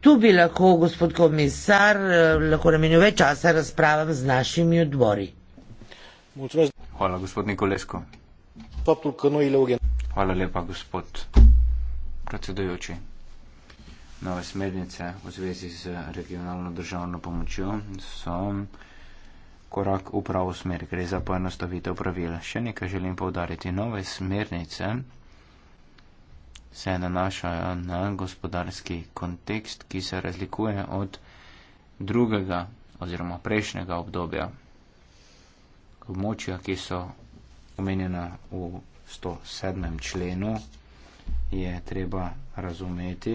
Tu bi lahko, gospod komisar, eh, lahko namenil več časa razpravam z našimi odbori. Močno. Hvala, gospod Nikolesko. Hvala lepa, gospod predsedujoči. Nove smernice v zvezi z regionalno državno pomočjo so korak v pravo smer, gre za poenostavitev pravil. Še nekaj želim povdariti. Nove smernice se nanašajo na gospodarski kontekst, ki se razlikuje od drugega oziroma prejšnjega obdobja območja, ki so omenjena v 107. členu, je treba razumeti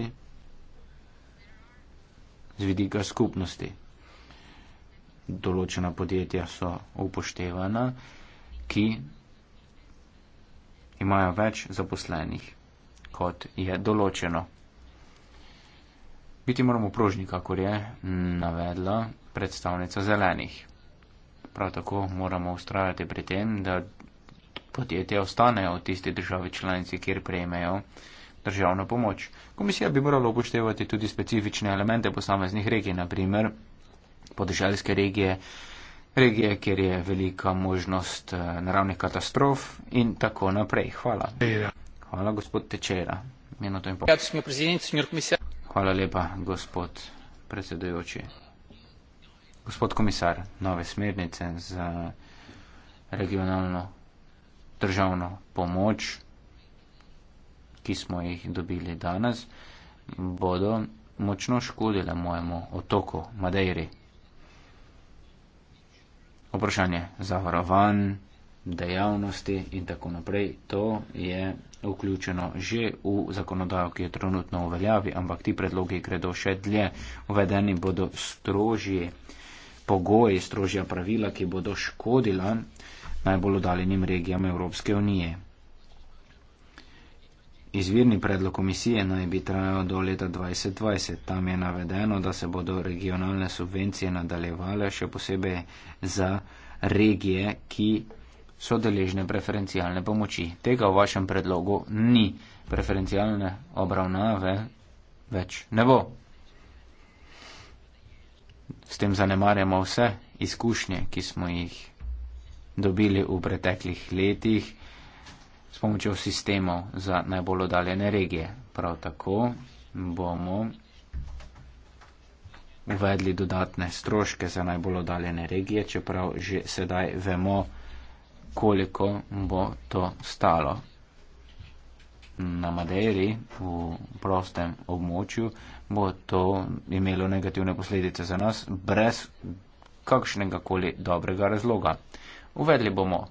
z vidika skupnosti. Določena podjetja so upoštevana, ki imajo več zaposlenih, kot je določeno. Biti moramo prožni, kakor je navedla predstavnica zelenih prav tako moramo ustrajati pri tem, da podjetja ostanejo v tisti državi članici, kjer prejmejo državno pomoč. Komisija bi morala upoštevati tudi specifične elemente posameznih regij, naprimer podeželske regije, regije, kjer je velika možnost eh, naravnih katastrof in tako naprej. Hvala. Hvala, gospod Tečera. Minuto in pol. Hvala lepa, gospod predsedujoči gospod komisar, nove smernice za regionalno državno pomoč, ki smo jih dobili danes, bodo močno škodile mojemu otoku Madeiri. Vprašanje zavarovanj, dejavnosti in tako naprej, to je vključeno že v zakonodajo, ki je trenutno uveljavi, ampak ti predlogi gredo še dlje, uvedeni bodo strožji pogoji, strožja pravila, ki bodo škodila najbolj oddaljenim regijam Evropske unije. Izvirni predlog komisije naj bi trajal do leta 2020. Tam je navedeno, da se bodo regionalne subvencije nadaljevale, še posebej za regije, ki so deležne preferencialne pomoči. Tega v vašem predlogu ni. Preferencialne obravnave več ne bo s tem zanemarjamo vse izkušnje, ki smo jih dobili v preteklih letih s pomočjo sistemov za najbolj oddaljene regije. Prav tako bomo uvedli dodatne stroške za najbolj oddaljene regije, čeprav že sedaj vemo, koliko bo to stalo. Na Madeiri, v prostem območju, bo to imelo negativne posledice za nas brez kakšnega koli dobrega razloga. Uvedli bomo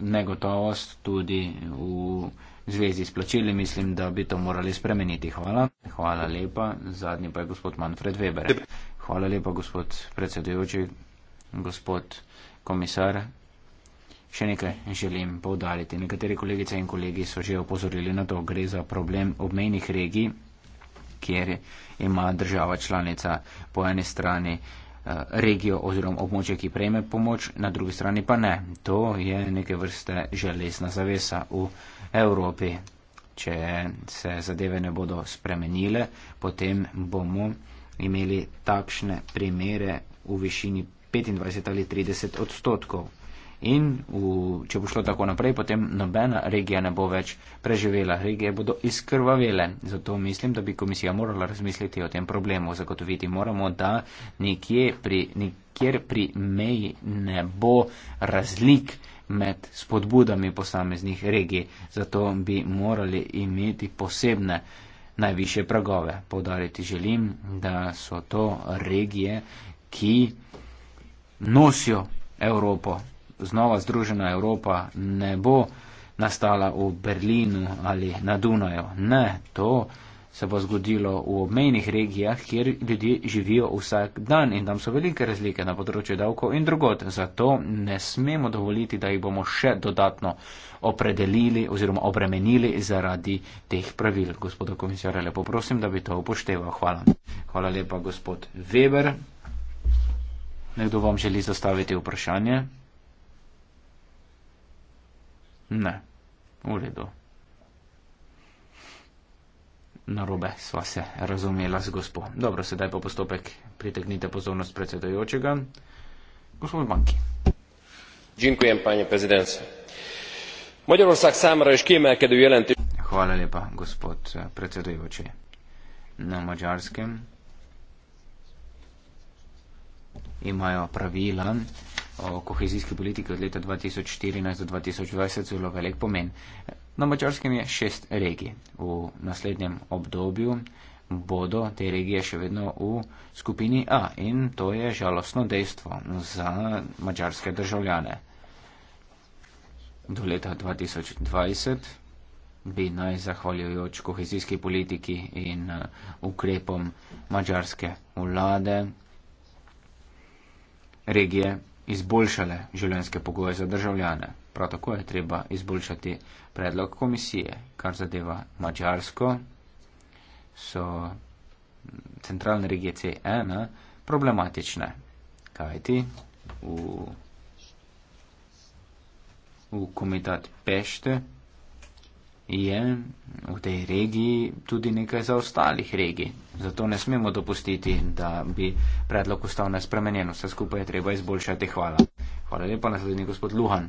negotovost tudi v zvezi s plačili, mislim, da bi to morali spremeniti. Hvala. Hvala lepa. Zadnji pa je gospod Manfred Weber. Hvala lepa, gospod predsedujoči, gospod komisar. Še nekaj želim povdariti. Nekateri kolegice in kolegi so že opozorili na to, gre za problem obmejnih regij, kjer ima država članica po eni strani eh, regijo oziroma območje, ki prejme pomoč, na drugi strani pa ne. To je neke vrste železna zavesa v Evropi. Če se zadeve ne bodo spremenile, potem bomo imeli takšne primere v višini 25 ali 30 odstotkov in v, če bo šlo tako naprej, potem nobena regija ne bo več preživela. Regije bodo izkrvavele. Zato mislim, da bi komisija morala razmisliti o tem problemu. Zagotoviti moramo, da nikjer pri, nikjer pri meji ne bo razlik med spodbudami posameznih regij. Zato bi morali imeti posebne najviše pragove. Povdariti želim, da so to regije, ki nosijo Evropo znova združena Evropa ne bo nastala v Berlinu ali na Dunaju. Ne, to se bo zgodilo v obmejnih regijah, kjer ljudje živijo vsak dan in tam so velike razlike na področju davkov in drugot. Zato ne smemo dovoliti, da jih bomo še dodatno opredelili oziroma obremenili zaradi teh pravil. Gospoda komisarja, lepo prosim, da bi to upošteval. Hvala. Hvala lepa, gospod Weber. Nekdo vam želi zastaviti vprašanje? Ne, v redu. Narobe sva se razumela z gospo. Dobro, sedaj pa postopek. Pritegnite pozornost predsedojočega. Gospod Banki. Džinkujem, panje prezidence. Magyarország számára is kiemelkedő jelentés. Hvala lepa, gospod predsedujoči. Na Magyarskem imajo pravila kohezijske politike od leta 2014 do 2020 zelo velik pomen. Na Mačarskem je šest regij. V naslednjem obdobju bodo te regije še vedno v skupini A in to je žalostno dejstvo za mačarske državljane. Do leta 2020 bi naj zahvaljujoč kohezijski politiki in uh, ukrepom mačarske vlade regije izboljšale življenjske pogoje za državljane. Prav tako je treba izboljšati predlog komisije, kar zadeva Mačarsko, so centralne regije C1 problematične, kajti v, v komitat Pešte je v tej regiji tudi nekaj za ostalih regij. Zato ne smemo dopustiti, da bi predlog ustal nespremenjen. Vse skupaj je treba izboljšati. Hvala. Hvala lepa, naslednji gospod Luhan.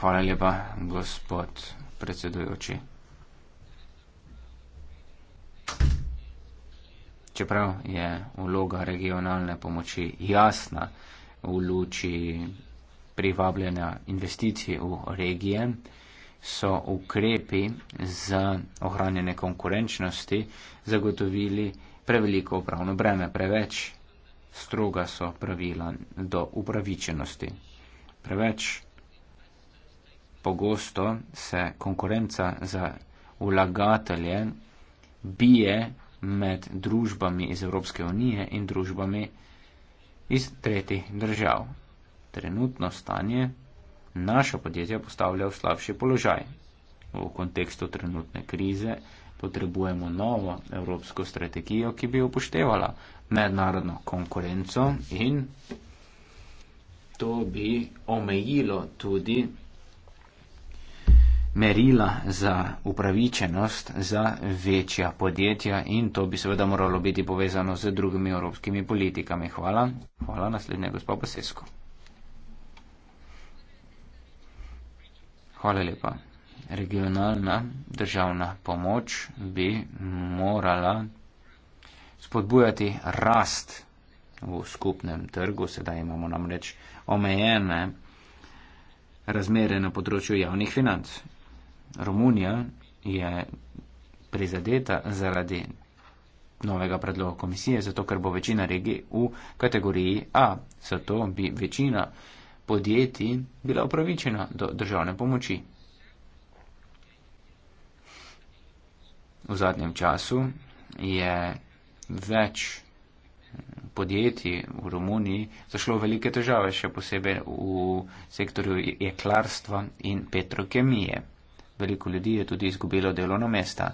Hvala lepa, gospod predsedujoči. Čeprav je vloga regionalne pomoči jasna v luči privabljanja investicij v regije, so ukrepi za ohranjene konkurenčnosti zagotovili preveliko upravno breme, preveč stroga so pravila do upravičenosti. Preveč pogosto se konkurenca za vlagatelje bije med družbami iz Evropske unije in družbami iz tretjih držav trenutno stanje naša podjetja postavlja v slabši položaj. V kontekstu trenutne krize potrebujemo novo evropsko strategijo, ki bi upoštevala mednarodno konkurenco in to bi omejilo tudi merila za upravičenost za večja podjetja in to bi seveda moralo biti povezano z drugimi evropskimi politikami. Hvala. Hvala naslednja gospa Pasesko. Hvala lepa. Regionalna državna pomoč bi morala spodbujati rast v skupnem trgu. Sedaj imamo namreč omejene razmere na področju javnih financ. Romunija je prizadeta zaradi novega predloga komisije, zato ker bo večina regij v kategoriji A. Zato bi večina podjetij bila upravičena do državne pomoči. V zadnjem času je več podjetij v Romuniji zašlo v velike težave, še posebej v sektorju jeklarstva in petrokemije. Veliko ljudi je tudi izgubilo delovno mesta.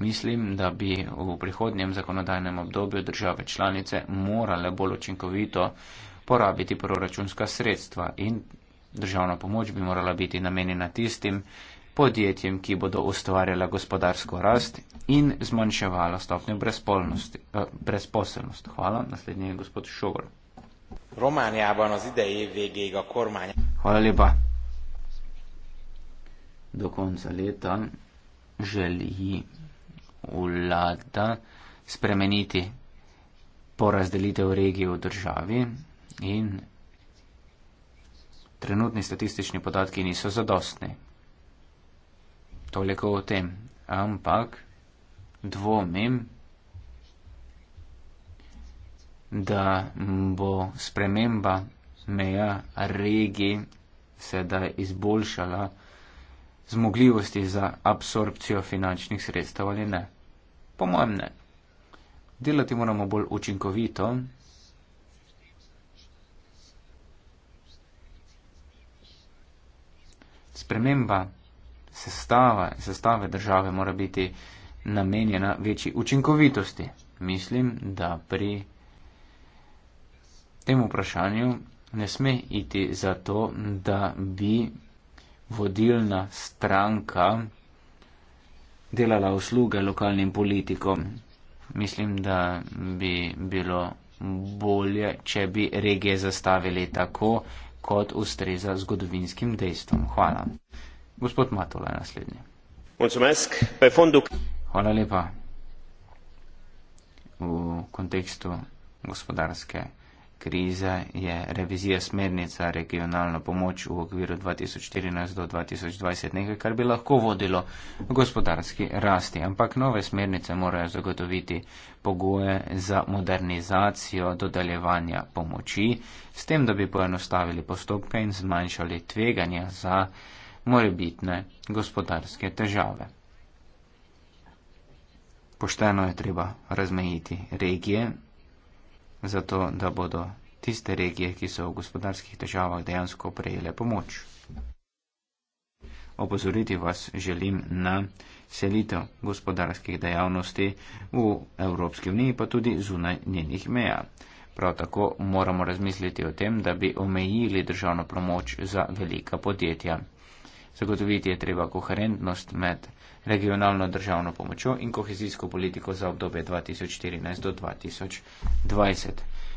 Mislim, da bi v prihodnjem zakonodajnem obdobju države članice morale bolj očinkovito porabiti proračunska sredstva in državna pomoč bi morala biti namenjena tistim podjetjem, ki bodo ustvarjala gospodarsko rast in zmanjševala stopnjo brezpolnosti, eh, brezposelnost. Hvala, naslednji je gospod Šogor. Romanjában az idei év végéig a kormány. Hallaliba. Do konca leta želi vlada spremeniti porazdelitev regije v državi in trenutni statistični podatki niso zadostni. Toliko o tem. Ampak dvomim, da bo sprememba meja regi sedaj izboljšala zmogljivosti za absorpcijo finančnih sredstev ali ne. Po mojem ne. Delati moramo bolj učinkovito, sprememba sestava, sestave države mora biti namenjena večji učinkovitosti. Mislim, da pri tem vprašanju ne sme iti za to, da bi vodilna stranka delala usluge lokalnim politikom. Mislim, da bi bilo bolje, če bi regije zastavili tako, kot ustreza zgodovinskim dejstvom. Hvala. Gospod Matola, naslednji. Hvala lepa. V kontekstu gospodarske krize je revizija smernica regionalno pomoč v okviru 2014 do 2020 nekaj, kar bi lahko vodilo gospodarski rasti. Ampak nove smernice morajo zagotoviti pogoje za modernizacijo dodeljevanja pomoči, s tem, da bi poenostavili postopke in zmanjšali tveganja za morebitne gospodarske težave. Pošteno je treba razmejiti regije, zato da bodo tiste regije, ki so v gospodarskih težavah dejansko prejele pomoč. Opozoriti vas želim na selitev gospodarskih dejavnosti v Evropski uniji, pa tudi zunaj njenih meja. Prav tako moramo razmisliti o tem, da bi omejili državno pomoč za velika podjetja. Zagotoviti je treba koherentnost med regionalno državno pomočjo in kohezijsko politiko za obdobje 2014 do 2020.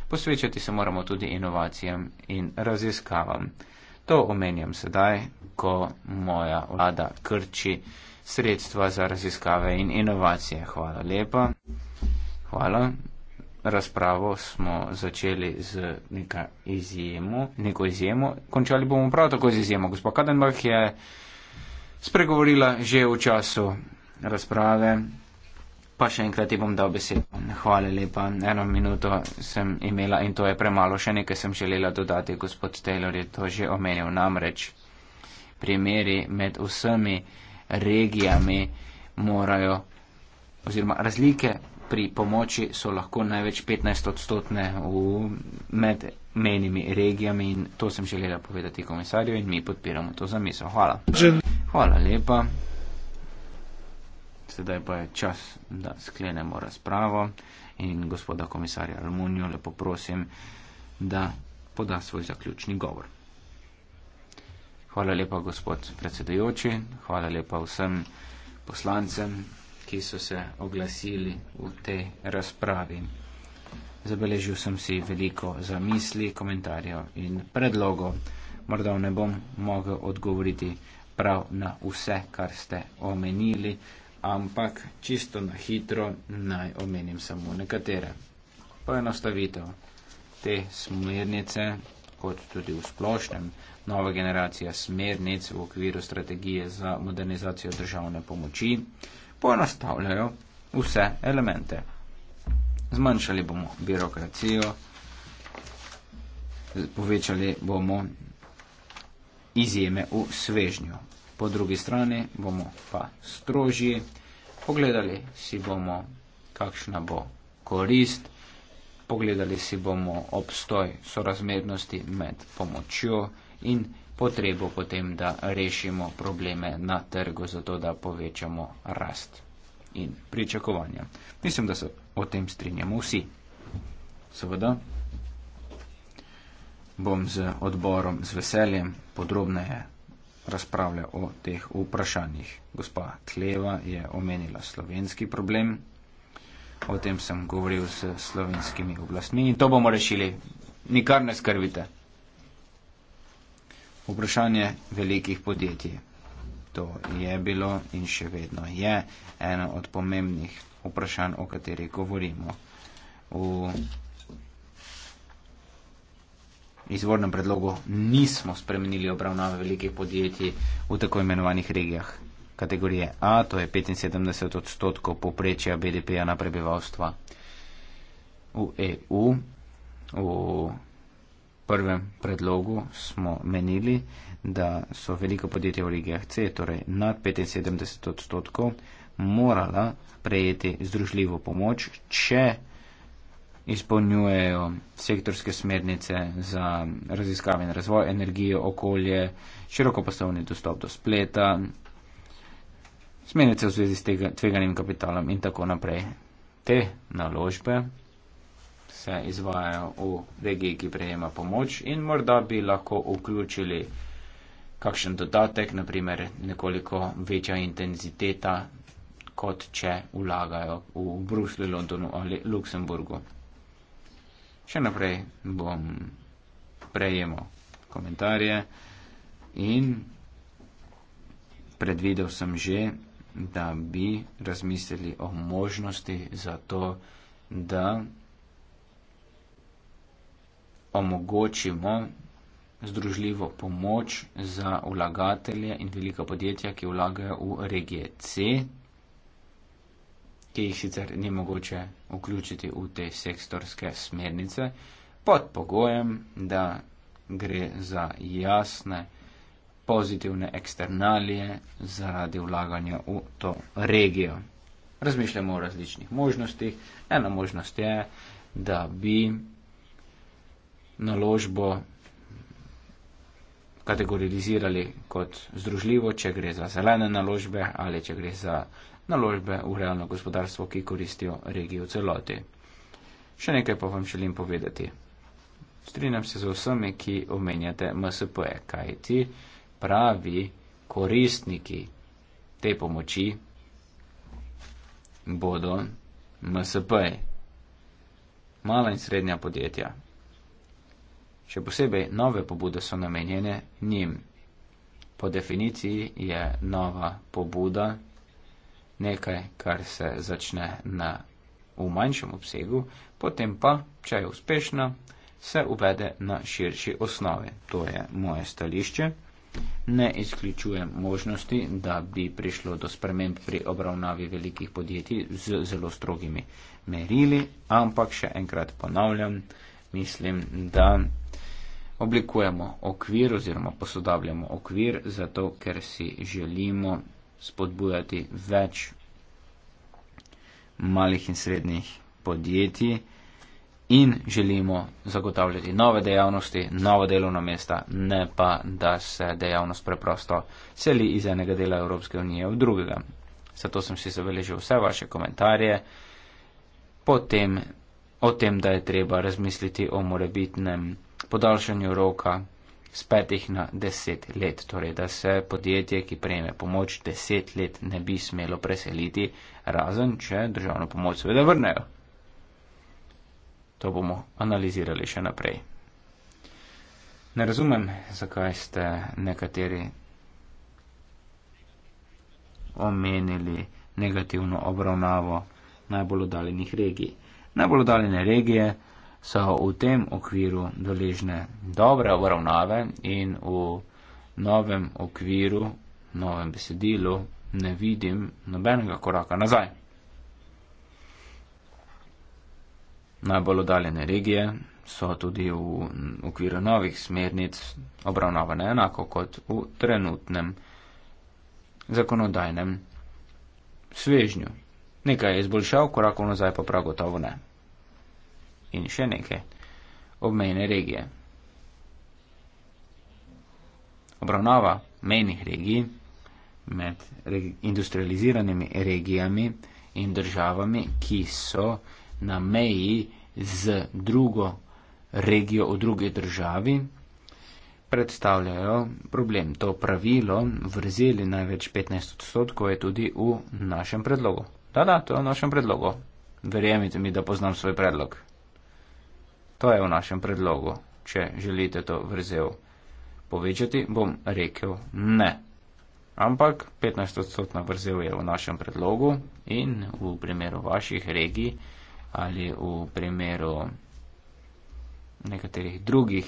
Posvečati se moramo tudi inovacijam in raziskavam. To omenjam sedaj, ko moja vlada krči sredstva za raziskave in inovacije. Hvala lepa. Hvala razpravo smo začeli z izjemo, neko izjemo, končali bomo prav tako z izjemo. Gospa Kadenbach je spregovorila že v času razprave, pa še enkrat ji bom dal besedo. Hvala lepa, eno minuto sem imela in to je premalo, še nekaj sem želela dodati, gospod Taylor je to že omenil, namreč primeri med vsemi regijami morajo oziroma razlike pri pomoči so lahko največ 15 odstotne med menimi regijami in to sem želela povedati komisarju in mi podpiramo to zamisel. Hvala. Hvala lepa. Sedaj pa je čas, da sklenemo razpravo in gospoda komisarja Almunijo lepo prosim, da poda svoj zaključni govor. Hvala lepa, gospod predsedujoči, hvala lepa vsem poslancem, ki so se oglasili v tej razpravi. Zabeležil sem si veliko zamisli, komentarjev in predlogov. Morda ne bom mogel odgovoriti prav na vse, kar ste omenili, ampak čisto na hitro naj omenim samo nekatere. Poenostavitev te smernice, kot tudi v splošnem, nova generacija smernic v okviru strategije za modernizacijo državne pomoči poenostavljajo vse elemente. Zmanjšali bomo birokracijo, povečali bomo izjeme v svežnju. Po drugi strani bomo pa strožji, pogledali si bomo, kakšna bo korist, pogledali si bomo obstoj sorazmernosti med pomočjo in potrebo potem, da rešimo probleme na trgu, zato da povečamo rast in pričakovanja. Mislim, da se o tem strinjamo vsi. Seveda bom z odborom z veseljem podrobneje razpravljal o teh vprašanjih. Gospa Kleva je omenila slovenski problem. O tem sem govoril s slovenskimi oblastmi in to bomo rešili. Nikar ne skrbite vprašanje velikih podjetij. To je bilo in še vedno je eno od pomembnih vprašanj, o katerih govorimo. V izvornem predlogu nismo spremenili obravnave velikih podjetij v tako imenovanih regijah. Kategorije A, to je 75 odstotkov poprečja BDP-ja na prebivalstva. V EU, v prvem predlogu smo menili, da so velika podjetja v regiji HC, torej nad 75 odstotkov, morala prejeti združljivo pomoč, če izpolnjujejo sektorske smernice za raziskave in razvoj, energijo, okolje, širokopasovni dostop do spleta, smernice v zvezi s tveganim kapitalom in tako naprej. Te naložbe se izvajajo v regiji, ki prejema pomoč in morda bi lahko vključili kakšen dodatek, naprimer nekoliko večja intenziteta, kot če vlagajo v Bruslju, Londonu ali Luksemburgu. Še naprej bom prejemal komentarje in predvidel sem že, da bi razmislili o možnosti za to, da omogočimo združljivo pomoč za vlagatelje in velika podjetja, ki vlagajo v regije C, ki jih sicer ni mogoče vključiti v te sektorske smernice, pod pogojem, da gre za jasne pozitivne eksternalije zaradi vlaganja v to regijo. Razmišljamo o različnih možnostih. Ena možnost je, da bi naložbo kategorizirali kot združljivo, če gre za zelene naložbe ali če gre za naložbe v realno gospodarstvo, ki koristijo regijo v celoti. Še nekaj pa vam želim povedati. Strinjam se z vsemi, ki omenjate MSP-je, kaj ti pravi koristniki te pomoči bodo MSP-je. Mala in srednja podjetja, Še posebej nove pobude so namenjene njim. Po definiciji je nova pobuda nekaj, kar se začne na, v manjšem obsegu, potem pa, če je uspešna, se uvede na širši osnovi. To je moje stališče. Ne izključujem možnosti, da bi prišlo do sprememb pri obravnavi velikih podjetij z zelo strogimi merili, ampak še enkrat ponavljam, mislim, da oblikujemo okvir oziroma posodabljamo okvir, zato ker si želimo spodbujati več malih in srednjih podjetij in želimo zagotavljati nove dejavnosti, nova delovna mesta, ne pa, da se dejavnost preprosto seli iz enega dela Evropske unije v drugega. Zato sem si zabeležil vse vaše komentarje Potem, o tem, da je treba razmisliti o morebitnem podaljšanju roka z petih na deset let, torej da se podjetje, ki prejme pomoč deset let, ne bi smelo preseliti, razen če državno pomoč seveda vrnejo. To bomo analizirali še naprej. Ne razumem, zakaj ste nekateri omenili negativno obravnavo najbolj oddaljenih regij. Najbolj oddaljene regije so v tem okviru doležne dobre obravnave in v novem okviru, novem besedilu ne vidim nobenega koraka nazaj. Najbolj odaljene regije so tudi v okviru novih smernic obravnavane enako kot v trenutnem zakonodajnem svežnju. Nekaj je izboljšal, korakov nazaj pa prav gotovo ne in še neke obmejne regije. Obravnava mejnih regij med industrializiranimi regijami in državami, ki so na meji z drugo regijo v drugi državi, predstavljajo problem. To pravilo vrzeli največ 15 odstotkov je tudi v našem predlogu. Da, da, to je v našem predlogu. Verjemite mi, da poznam svoj predlog. To je v našem predlogu. Če želite to vrzel povečati, bom rekel ne. Ampak 15-odstotna vrzel je v našem predlogu in v primeru vaših regij ali v primeru nekaterih drugih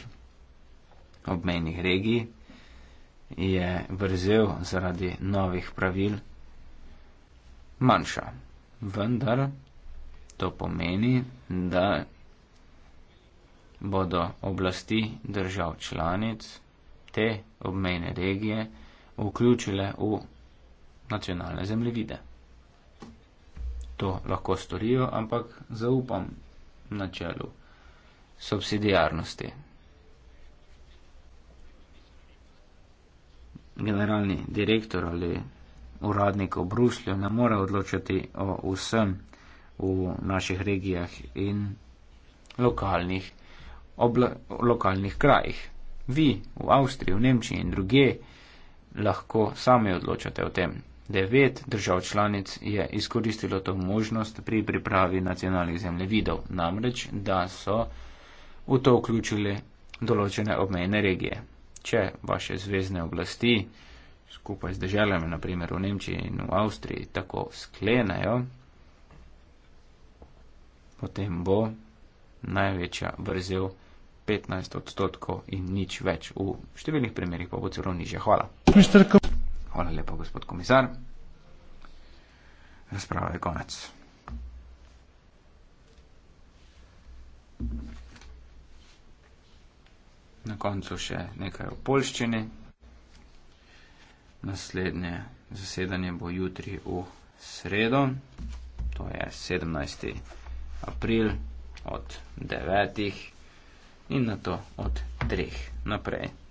obmejnih regij je vrzel zaradi novih pravil manjša. Vendar to pomeni, da bodo oblasti držav članic te obmejne regije vključile v nacionalne zemljevide. To lahko storijo, ampak zaupam načelu subsidijarnosti. Generalni direktor ali uradnik v Bruslju ne more odločati o vsem v naših regijah in lokalnih regijah ob lokalnih krajih. Vi v Avstriji, v Nemčiji in druge lahko sami odločate o tem. Devet držav članic je izkoristilo to možnost pri pripravi nacionalnih zemljevidov, namreč da so v to vključili določene obmejne regije. Če vaše zvezdne oblasti skupaj z državami, naprimer v Nemčiji in v Avstriji, tako sklenajo, potem bo največja vrzel. 15 odstotkov in nič več. V številnih primerjih pa bo celo nižje. Hvala. Hvala lepa, gospod komisar. Razprava je konec. Na koncu še nekaj o polščini. Naslednje zasedanje bo jutri v sredo, to je 17. april od 9 in na to od treh naprej.